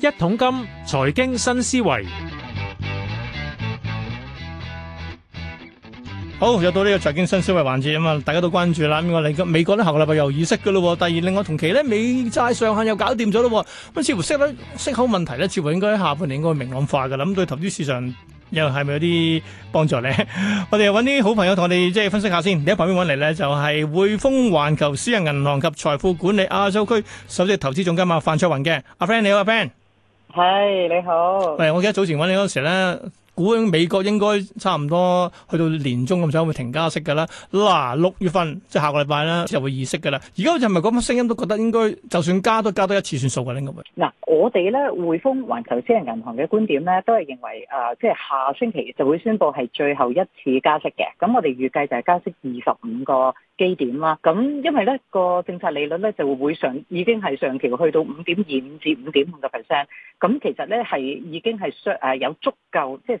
一桶金財經新思維，好，又到呢個財經新思維環節啊嘛，大家都關注啦。呢個嚟，美國呢下個禮拜又議息噶啦，第二另外同期呢，美債上限又搞掂咗咯。咁似乎息率息口問題呢，似乎應該喺下半年應該明朗化噶啦。咁對投資市場。又係咪有啲幫助咧？ 我哋揾啲好朋友同我哋即係分析一下先。你喺旁邊揾嚟咧，就係匯豐環球私人銀行及財富管理亞洲區首席投資總監嘛，范卓雲嘅。阿 friend 你好，阿 friend，係、hey，你好。喂，我記得早前揾你嗰陣時咧。估美國應該差唔多去到年中咁上下會停加息㗎啦。嗱、啊、六月份即係、就是、下個禮拜啦，就會議息㗎啦。而家就係咪嗰班聲音都覺得應該就算加都加多一次算數㗎咧咁？嗱、啊，我哋咧匯豐環球私人銀行嘅觀點咧都係認為誒、呃，即係下星期就會宣布係最後一次加息嘅。咁我哋預計就係加息二十五個基點啦。咁因為咧個政策利率咧就會上已經係上調去到五點二五至五點五個 percent。咁其實咧係已經係誒、啊、有足夠即係。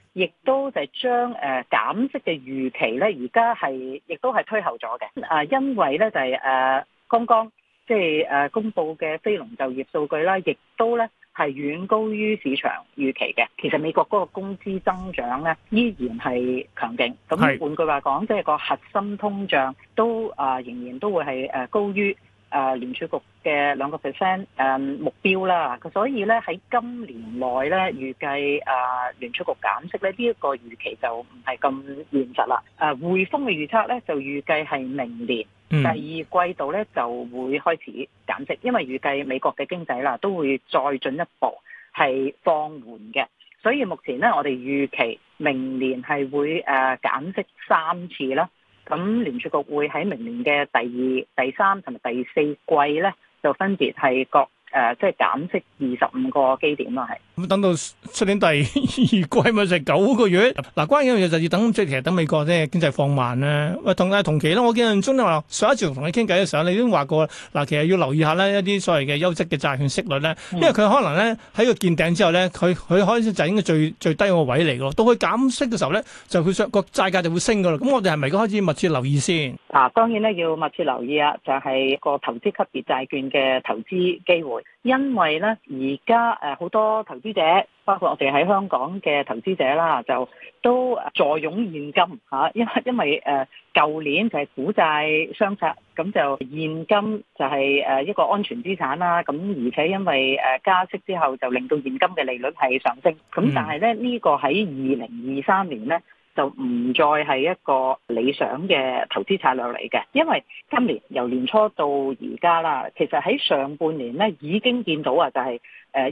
亦都就係將誒、呃、減息嘅預期咧，而家係亦都係推後咗嘅。啊、呃，因為咧就係、是、誒、呃、剛剛即係誒公佈嘅非農就業數據啦，亦都咧係遠高於市場預期嘅。其實美國嗰個工資增長咧依然係強勁，咁換句話講，即、就、係、是、個核心通脹都啊、呃、仍然都會係誒、呃、高於，誒、呃、聯儲局嘅兩個 percent 誒目標啦，所以咧喺今年內咧預計誒、呃、聯儲局減息咧，呢、這、一個預期就唔係咁現實啦。誒匯豐嘅預測咧就預計係明年第二季度咧就會開始減息，因為預計美國嘅經濟啦都會再進一步係放緩嘅，所以目前咧我哋預期明年係會誒、呃、減息三次啦。咁聯儲局會喺明年嘅第二、第三同埋第四季咧，就分別係各誒、呃，即係減息二十五個基點喇，係。等到出年第二季，咪成九個月。嗱、啊，關鍵嘢，就要等，即係等美國咧經濟放慢咧。喂，同埋同期啦，我見阿鐘都話，上一次同你傾偈嘅時候，你都話過，嗱、啊，其實要留意一下咧一啲所謂嘅優質嘅債券息率咧，因為佢可能咧喺個見頂之後咧，佢佢開始就應該最最低個位嚟嘅。到佢減息嘅時候咧，就佢個債價就會升㗎啦。咁我哋係咪開始密切留意先？嗱，當然咧要密切留意啊，就係個投資級別債券嘅投資機會，因為咧而家誒好多投資。者包括我哋喺香港嘅投資者啦，就都坐擁現金嚇，因為因為誒舊年就係股債雙殺，咁就現金就係誒一個安全資產啦。咁而且因為誒加息之後，就令到現金嘅利率係上升。咁但係咧，這個、呢個喺二零二三年咧。就唔再係一個理想嘅投資策略嚟嘅，因為今年由年初到而家啦，其實喺上半年咧已經見到啊、就是，就係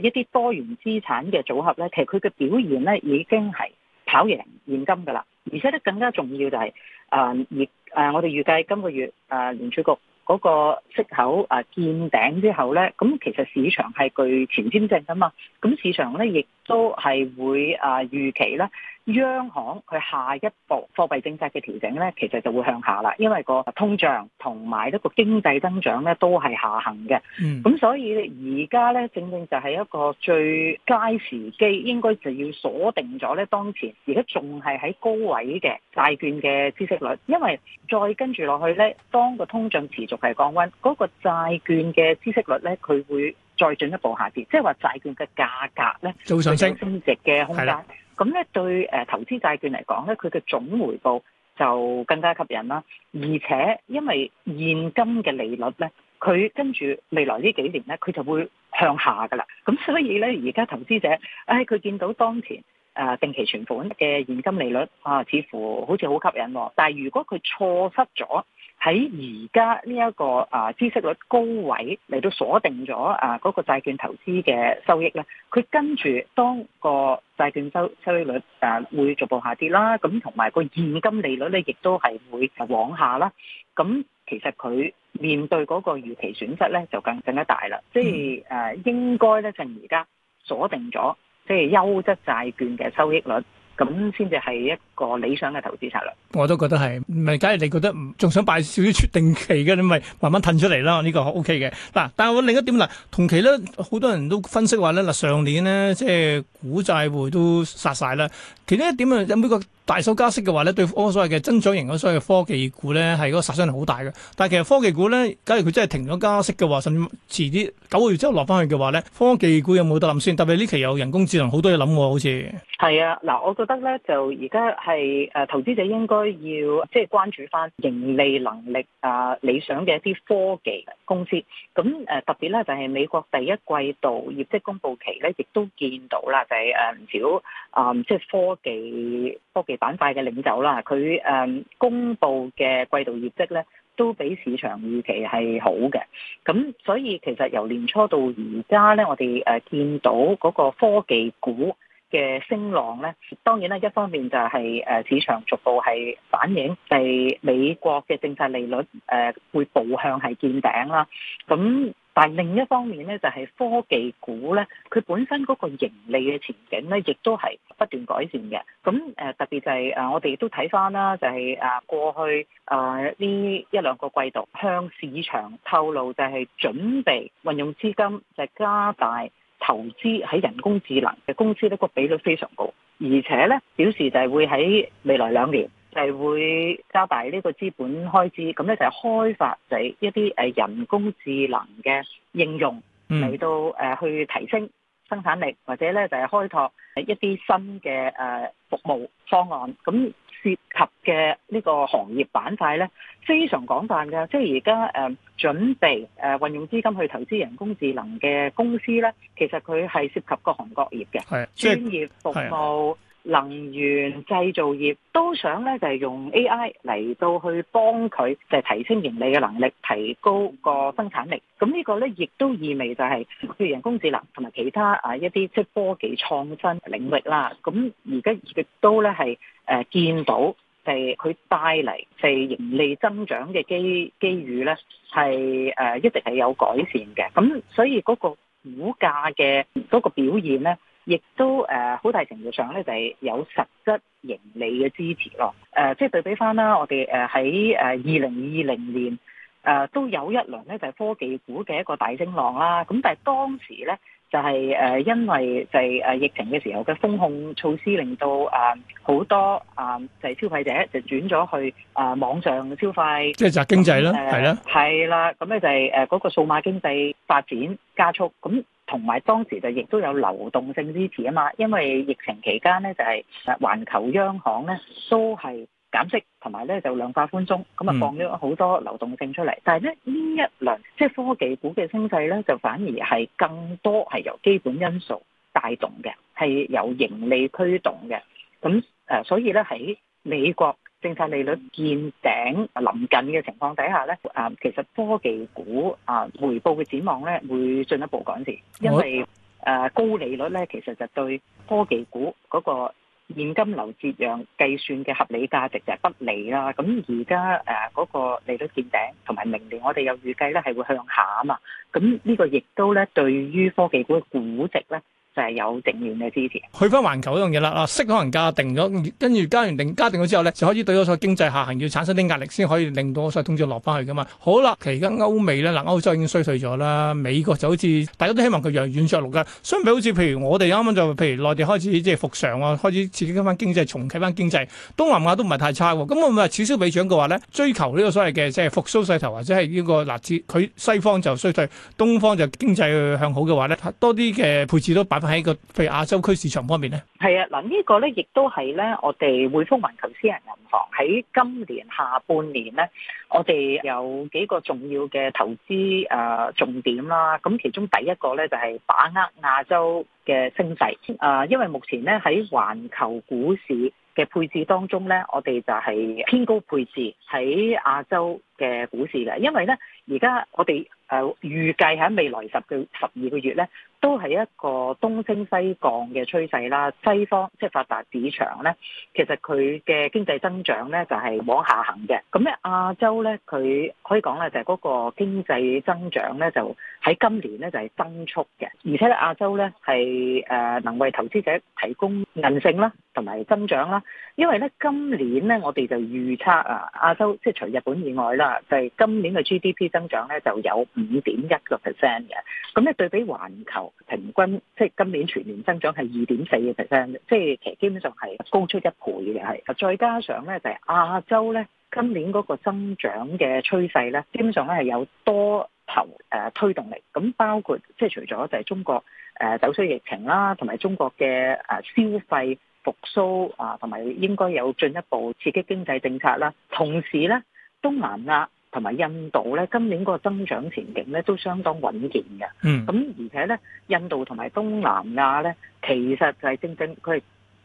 誒一啲多元資產嘅組合咧，其實佢嘅表現咧已經係跑贏現金噶啦，而且咧更加重要就係啊，而誒我哋預計今個月啊聯儲局嗰個息口啊見頂之後咧，咁、嗯、其實市場係具前瞻性噶嘛，咁、嗯、市場咧亦都係會啊預、呃、期咧。央行佢下一步貨幣政策嘅調整咧，其實就會向下啦，因為個通脹同埋一個經濟增長咧都係下行嘅。嗯，咁所以而家咧，正正就係一個最佳時機，應該就要鎖定咗咧。當前而家仲係喺高位嘅債券嘅孳息率，因為再跟住落去咧，當個通脹持續係降溫，嗰個債券嘅孳息率咧，佢會再進一步下跌，即係話債券嘅價格咧就會上升，升值嘅空間。咁咧對誒投資債券嚟講咧，佢嘅總回報就更加吸引啦。而且因為現金嘅利率咧，佢跟住未來呢幾年咧，佢就會向下㗎啦。咁所以咧，而家投資者，唉、哎，佢見到當前誒定期存款嘅現金利率啊，似乎好似好吸引喎、哦。但係如果佢錯失咗，喺而家呢一個啊，孳息率高位嚟到鎖定咗啊，嗰個債券投資嘅收益咧，佢跟住當個債券收收益率啊，會逐步下跌啦。咁同埋個現金利率咧，亦都係會往下啦。咁其實佢面對嗰個預期損失咧，就更更加大啦。即係誒，應該咧，就而家鎖定咗即係優質債券嘅收益率。咁先至係一個理想嘅投資策略。我都覺得係，唔係？假如你覺得仲想擺少少定期嘅，你咪慢慢褪出嚟啦。呢個 O K 嘅。嗱，但係我另一點啦，同期咧好多人都分析話咧，嗱，上年咧即係股債匯都殺晒啦。其中一點啊，有每個。大數加息嘅話咧，對所謂嘅增長型嗰啲所謂科技股咧，係嗰個殺傷力好大嘅。但係其實科技股咧，假如佢真係停咗加息嘅話，甚至遲啲九個月之後落翻去嘅話咧，科技股有冇得諗先？特別呢期有人工智能好多嘢諗喎，好似係啊。嗱、啊，我覺得咧就而家係誒投資者應該要即係、就是、關注翻盈利能力啊理想嘅一啲科技公司。咁誒、啊、特別咧就係、是、美國第一季度業績公佈期咧，亦都見到啦，就係誒唔少啊即係科技科技。科技板塊嘅領袖啦，佢誒公布嘅季度業績咧，都比市場預期係好嘅。咁所以其實由年初到而家咧，我哋誒見到嗰個科技股嘅升浪咧，當然啦，一方面就係誒市場逐步係反映係美國嘅政策利率誒、呃、會步向係見頂啦。咁但另一方面咧，就係、是、科技股咧，佢本身嗰個盈利嘅前景咧，亦都係不斷改善嘅。咁誒、呃、特別就係、是、誒、呃，我哋都睇翻啦，就係、是、誒過去誒呢、呃、一兩個季度向市場透露，就係準備運用資金，就係加大投資喺人工智能嘅公司，呢個比率非常高，而且咧表示就係會喺未來兩年。就係會加大呢個資本開支，咁咧就係開發就一啲誒人工智能嘅應用嚟到誒去提升生產力，或者咧就係開拓一啲新嘅誒服務方案。咁涉及嘅呢個行業板塊咧非常廣泛嘅，即係而家誒準備誒運用資金去投資人工智能嘅公司咧，其實佢係涉及各行各業嘅，係專業服務。能源製造業都想咧，就係用 AI 嚟到去幫佢，就係提升盈利嘅能力，提高個生產力。咁呢個咧，亦都意味就係譬如人工智能同埋其他啊一啲即係科技創新領域啦。咁而家亦都咧係誒見到就係佢帶嚟就係盈利增長嘅機機遇咧，係誒一直係有改善嘅。咁所以嗰個股價嘅嗰個表現咧。亦都誒好大程度上咧，就係有實質盈利嘅支持咯。誒，即係對比翻啦，我哋誒喺誒二零二零年誒都有一輪咧，就係科技股嘅一個大升浪啦。咁但係當時咧就係誒因為就係誒疫情嘅時候嘅封控措施，令到啊好多啊就係消費者就轉咗去啊網上消費，即係宅經濟啦，係啦，係啦。咁咧就係誒嗰個數碼經濟發展加速咁。同埋當時就亦都有流動性支持啊嘛，因為疫情期間咧就係環球央行咧都係減息，同埋咧就量化寬鬆，咁啊放咗好多流動性出嚟。但係咧呢一輪即係科技股嘅升勢咧，就反而係更多係由基本因素帶動嘅，係由盈利驅動嘅。咁誒、呃，所以咧喺美國。政策利率見頂臨近嘅情況底下呢啊，其實科技股啊，回報嘅展望咧會進一步改善，因為誒高利率咧其實就對科技股嗰個現金流折讓計算嘅合理價值就係不利啦。咁而家誒嗰個利率見頂，同埋明年我哋又預計咧係會向下啊嘛。咁、這、呢個亦都咧對於科技股嘅估值咧。就係有定遠嘅支持。去翻環球嗰樣嘢啦，啊息可能加定咗，跟住加完定加定咗之後咧，就開始對嗰個經濟下行要產生啲壓力，先可以令到嗰個通脹落翻去噶嘛。好啦，其實而家歐美咧，嗱歐洲已經衰退咗啦，美國就好似大家都希望佢揚軟着陸嘅。相比好似譬如我哋啱啱就譬如內地開始即係復常啊，開始刺激翻經濟，重啟翻經濟。東南亞都唔係太差喎。咁我咪此消彼長嘅話咧，追求呢個所謂嘅即係復甦勢頭，或者係呢個嗱，佢西方就衰退，東方就經濟向好嘅話咧，多啲嘅配置都擺。喺個譬如亞洲區市場方面咧，係啊嗱，呢個咧亦都係咧，我哋滙豐環球私人銀行喺今年下半年咧，我哋有幾個重要嘅投資誒重點啦。咁其中第一個咧就係把握亞洲嘅升勢誒，因為目前咧喺環球股市嘅配置當中咧，我哋就係偏高配置喺亞洲嘅股市嘅，因為咧而家我哋。誒預計喺未來十個十二個月咧，都係一個東升西降嘅趨勢啦。西方即係發達市場咧，其實佢嘅經濟增長咧就係往下行嘅。咁咧亞洲咧，佢可以講咧就係嗰個經濟增長咧就喺今年咧就係增速嘅，而且亞洲咧係誒能為投資者提供韌性啦，同埋增長啦。因為咧今年咧我哋就預測啊亞洲，即係除日本以外啦，就係今年嘅 GDP 增長咧就有。五點一個 percent 嘅，咁咧對比環球平均，即係今年全年增長係二點四嘅 percent，即係其實基本上係高出一倍嘅係。再加上咧就係亞洲咧，今年嗰個增長嘅趨勢咧，基本上咧係有多頭誒推動力。咁包括即係除咗就係中國誒走出疫情啦，同埋中國嘅誒消費復甦啊，同埋應該有進一步刺激經濟政策啦。同時咧，東南亞。同埋印度咧，今年嗰個增長前景咧都相當穩健嘅。嗯，咁而且咧，印度同埋東南亞咧，其實就係正正佢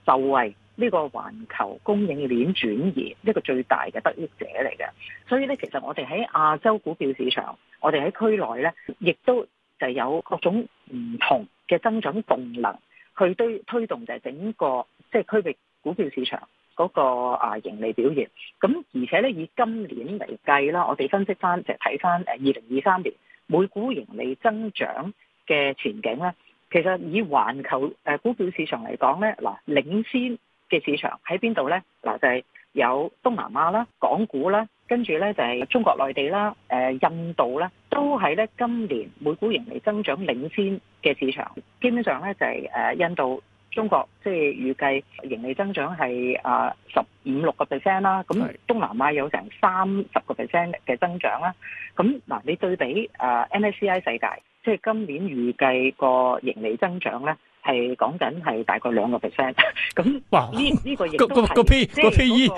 就係呢個環球供應鏈轉移一個最大嘅得益者嚟嘅。所以咧，其實我哋喺亞洲股票市場，我哋喺區內咧，亦都就有各種唔同嘅增長動能，去推推動就係整個即係區域股票市場嗰個啊盈利表現，咁而且咧，以今年嚟計啦，我哋分析翻就係睇翻誒二零二三年每股盈利增長嘅前景咧，其實以環球誒股票市場嚟講咧，嗱領先嘅市場喺邊度咧？嗱就係有東南亞啦、港股啦，跟住咧就係中國內地啦、誒印度啦，都係咧今年每股盈利增長領先嘅市場，基本上咧就係誒印度。中國即係預計盈利增長係啊十五六個 percent 啦，咁東南亞有成三十個 percent 嘅增長啦。咁嗱，你對比啊 MSCI 世界，即係今年預計個盈利增長咧，係講緊係大概兩個 percent。咁哇，呢呢個個個 P 個 P E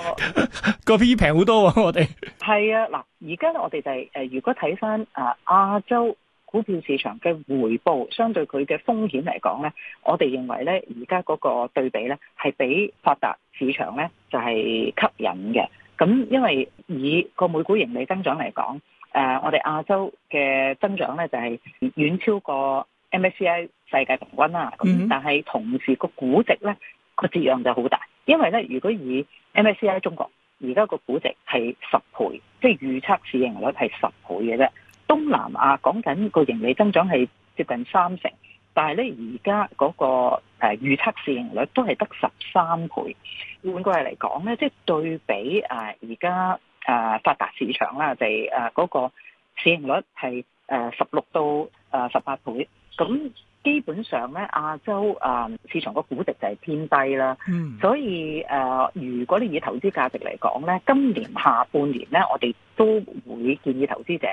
個 P E 平好多喎，我哋係啊嗱，而家我哋就係誒，如果睇翻啊亞洲。股票市場嘅回報相對佢嘅風險嚟講咧，我哋認為咧，而家嗰個對比咧，係比發達市場咧就係、是、吸引嘅。咁因為以個每股盈利增長嚟講，誒、呃、我哋亞洲嘅增長咧就係、是、遠超過 MSCI 世界平均啦。咁、嗯、但係同時個估值咧個折讓就好大，因為咧如果以 MSCI 中國而家個估值係十倍，即係預測市盈率係十倍嘅啫。東南亞講緊個盈利增長係接近三成，但係咧而家嗰個誒、呃、預測市盈率都係得十三倍。換句話嚟講咧，即係對比誒而家誒發達市場啦，就係誒嗰個市盈率係誒十六到誒十八倍咁。基本上咧，亞洲啊市場個估值就係偏低啦，嗯、所以誒、呃，如果你以投資價值嚟講咧，今年下半年咧，我哋都會建議投資者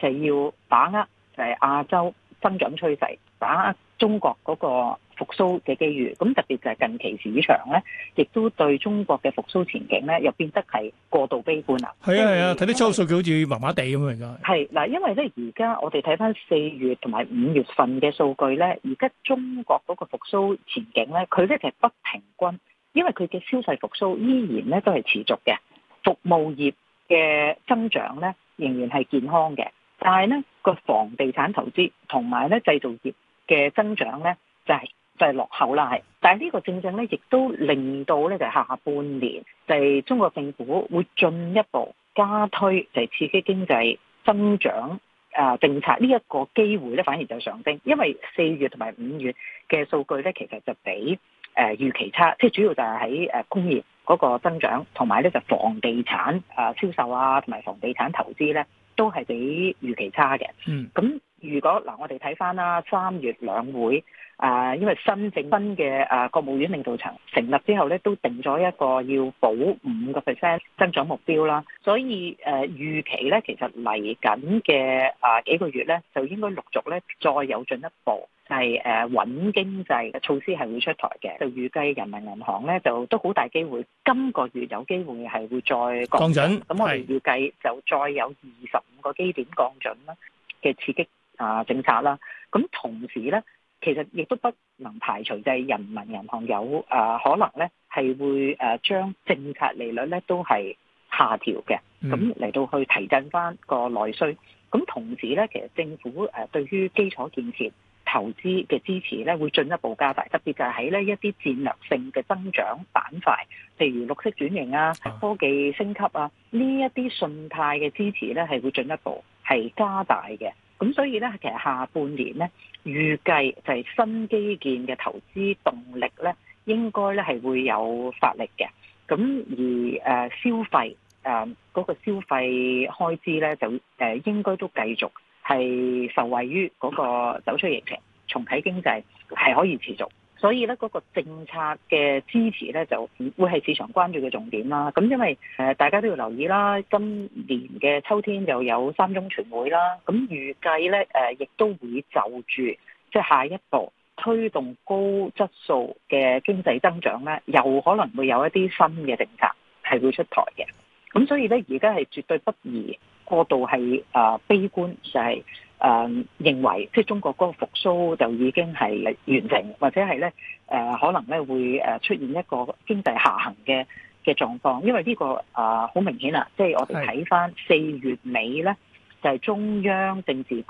就要把握誒、啊、亞洲增長趨勢，把握中國嗰、那個。復甦嘅機遇，咁特別就係近期市場咧，亦都對中國嘅復甦前景咧，又變得係過度悲觀啦。係啊係啊，睇啲收數就好似麻麻地咁嚟㗎。係嗱，因為咧，而家我哋睇翻四月同埋五月份嘅數據咧，而家中國嗰個復甦前景咧，佢咧其實不平均，因為佢嘅消費復甦依然咧都係持續嘅，服務業嘅增長咧仍然係健康嘅，但係咧個房地產投資同埋咧製造業嘅增長咧就係。就係落後啦，係，但係呢個正正咧，亦都令到咧就係、是、下半年就係、是、中國政府會進一步加推就係、是、刺激經濟增長啊、呃、政策呢一個機會咧，反而就上升，因為四月同埋五月嘅數據咧，其實就比誒、呃、預期差，即係主要就係喺誒工業嗰個增長，同埋咧就是、房地產啊、呃、銷售啊，同埋房地產投資咧都係比預期差嘅。嗯，咁如果嗱、呃，我哋睇返啦，三月兩會。啊，因為新政軍嘅啊國務院領導層成立之後咧，都定咗一個要保五個 percent 增長目標啦，所以誒預期咧，其實嚟緊嘅啊幾個月咧，就應該陸續咧再有進一步係誒穩經濟嘅措施係會出台嘅，就預計人民銀行咧就都好大機會今個月有機會係會再降準，咁我哋預計就再有二十五個基點降準啦嘅刺激啊政策啦，咁同時咧。其實亦都不能排除，就係人民銀行有誒可能咧，係會誒將政策利率咧都係下調嘅，咁嚟、嗯、到去提振翻個內需。咁同時咧，其實政府誒對於基礎建設投資嘅支持咧，會進一步加大，特別就係喺呢一啲戰略性嘅增長板塊，譬如綠色轉型啊、啊科技升級啊呢一啲信貸嘅支持咧，係會進一步係加大嘅。咁所以咧，其實下半年咧，預計就係新基建嘅投資動力咧，應該咧係會有發力嘅。咁而誒、呃、消費誒嗰個消費開支咧，就誒、呃、應該都繼續係受惠於嗰個走出疫情、重啟經濟，係可以持續。所以咧，嗰個政策嘅支持咧，就會係市場關注嘅重點啦。咁因為誒大家都要留意啦，今年嘅秋天又有三中全會啦。咁預計咧，誒亦都會就住即係下一步推動高質素嘅經濟增長咧，又可能會有一啲新嘅政策係會出台嘅。咁所以咧，而家係絕對不宜過度係誒悲觀，就係、是。誒、嗯、認為即係中國嗰個復甦就已經係完成，或者係咧誒可能咧會誒出現一個經濟下行嘅嘅狀況，因為呢、這個啊好、呃、明顯啦，即係我哋睇翻四月尾咧就係、是、中央政治局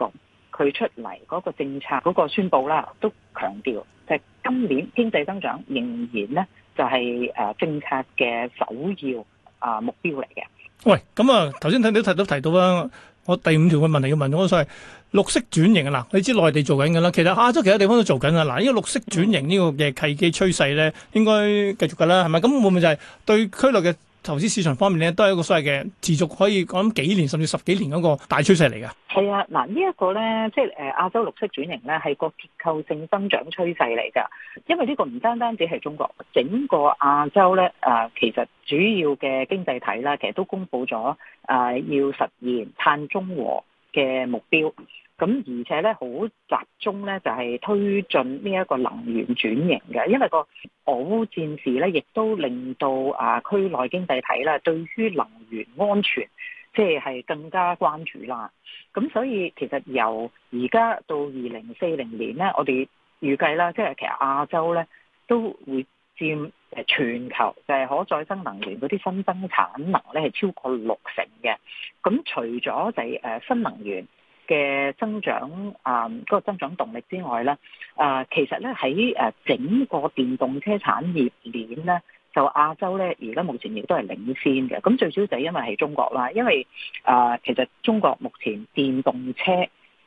佢出嚟嗰個政策嗰個宣佈啦，都強調就係、是、今年經濟增長仍然咧就係、是、誒政策嘅首要啊目標嚟嘅。喂，咁啊頭先睇到提都提到啦。我第五條嘅問題要問，我所謂綠色轉型啊！嗱，你知內地做緊㗎啦，其實亞洲其他地方都做緊㗎！嗱，呢個綠色轉型呢個嘅契機趨勢咧，應該繼續㗎啦，係咪？咁會唔會就係對區內嘅？投資市場方面咧，都係一個所謂嘅持續可以講幾年甚至十幾年嗰個大趨勢嚟㗎。係啊，嗱、這個、呢一個咧，即係誒、呃、亞洲綠色轉型咧，係個結構性增長趨勢嚟㗎。因為呢個唔單單只係中國，整個亞洲咧啊、呃，其實主要嘅經濟體啦，其實都公布咗啊，要實現碳中和。嘅目標，咁而且咧好集中咧，就係推進呢一個能源轉型嘅。因為個俄烏戰事咧亦都令到啊區內經濟體啦對於能源安全即係係更加關注啦，咁所以其實由而家到二零四零年咧，我哋預計啦，即係其實亞洲咧都會，佔誒全球就係可再生能源嗰啲新增產能咧，係超過六成嘅。咁除咗就係誒新能源嘅增長啊，嗰、呃那個、增長動力之外咧，啊、呃，其實咧喺誒整個電動車產業鏈咧，就亞洲咧，而家目前亦都係領先嘅。咁最主要就係因為係中國啦，因為啊、呃，其實中國目前電動車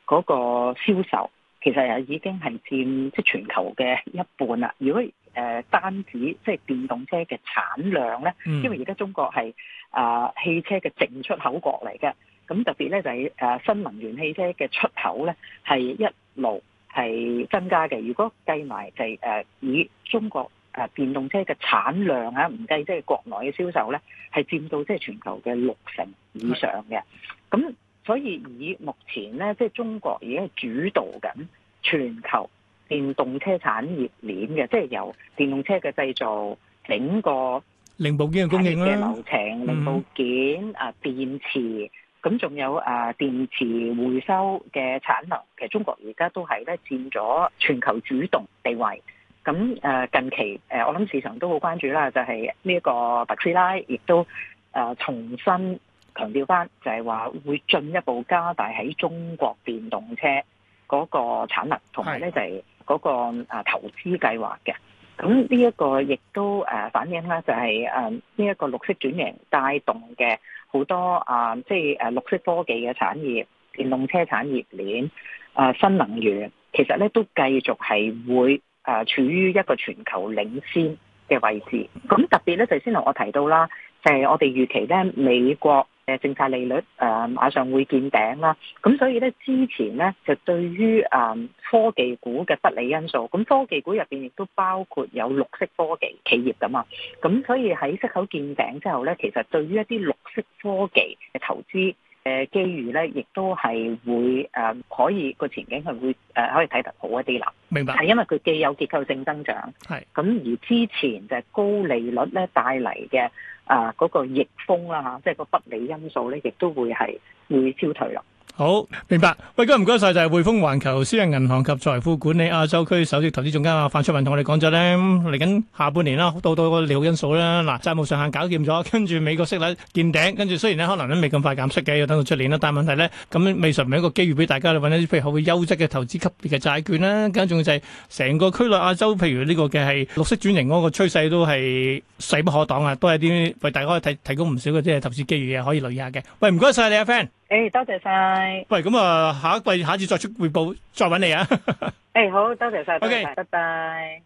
嗰個銷售其實係已經係佔即係全球嘅一半啦。如果誒、呃、單止即係電動車嘅產量咧，嗯、因為而家中國係啊、呃、汽車嘅淨出口國嚟嘅，咁特別咧就係誒新能源汽車嘅出口咧係一路係增加嘅。如果計埋就係、是、誒、呃、以中國誒、呃、電動車嘅產量啊，唔計即係國內嘅銷售咧，係佔到即係全球嘅六成以上嘅。咁、嗯、所以以目前咧，即係中國已經係主導緊全球。電動車產業鏈嘅，即係由電動車嘅製造整個零部件嘅供應啦，流程，零部件、嗯、啊電池，咁仲有啊電池回收嘅產能，其實中國而家都係咧佔咗全球主動地位。咁誒、啊、近期誒，我諗市場都好關注啦，就係呢一個特斯拉亦都誒、啊、重新強調翻，就係話會進一步加大喺中國電動車嗰個產能，同埋咧就係。嗰個投資計劃嘅，咁呢一個亦都誒反映啦，就係誒呢一個綠色轉型帶動嘅好多啊，即係誒綠色科技嘅產業、電動車產業鏈啊、新能源，其實咧都繼續係會誒處於一個全球領先嘅位置。咁特別咧就先同我提到啦，就係、是、我哋預期咧美國。誒政策利率誒馬上會見頂啦，咁所以咧之前咧就對於誒科技股嘅不利因素，咁科技股入邊亦都包括有綠色科技企業㗎嘛，咁所以喺息口見頂之後咧，其實對於一啲綠色科技嘅投資。嘅機遇咧，亦都係會誒、呃、可以個前景係會誒、呃、可以睇得好一啲啦。明白，係因為佢既有結構性增長，係咁是而之前就係高利率咧帶嚟嘅啊嗰個逆風啦、啊、嚇，即係個不利因素咧，亦都會係會消退啦。好明白，喂，今日唔該晒，就係滙豐環球私人銀行及財富管理亞洲區首席投資總監阿范卓雲同我哋講咗咧，嚟緊下，下半年啦，到到好多利好因素啦，嗱，債務上限搞掂咗，跟住美國息率見頂，跟住雖然咧可能咧未咁快減息嘅，要等到出年啦，但係問題咧咁，未嘗唔係一個機遇俾大家去揾一啲，譬如好優質嘅投資級別嘅債券啦，跟住仲就係成個區內亞洲，譬如呢個嘅係綠色轉型嗰個趨勢都係勢不可擋啊，都係啲為大家可以提提供唔少嘅即係投資機遇嘅，可以留意下嘅。喂，唔該晒你啊，friend。誒、哎，多謝晒。喂，咁啊，下一季，下次再出匯報，再搵你啊。誒、 哎，好，多謝晒。O Okay . K，拜拜。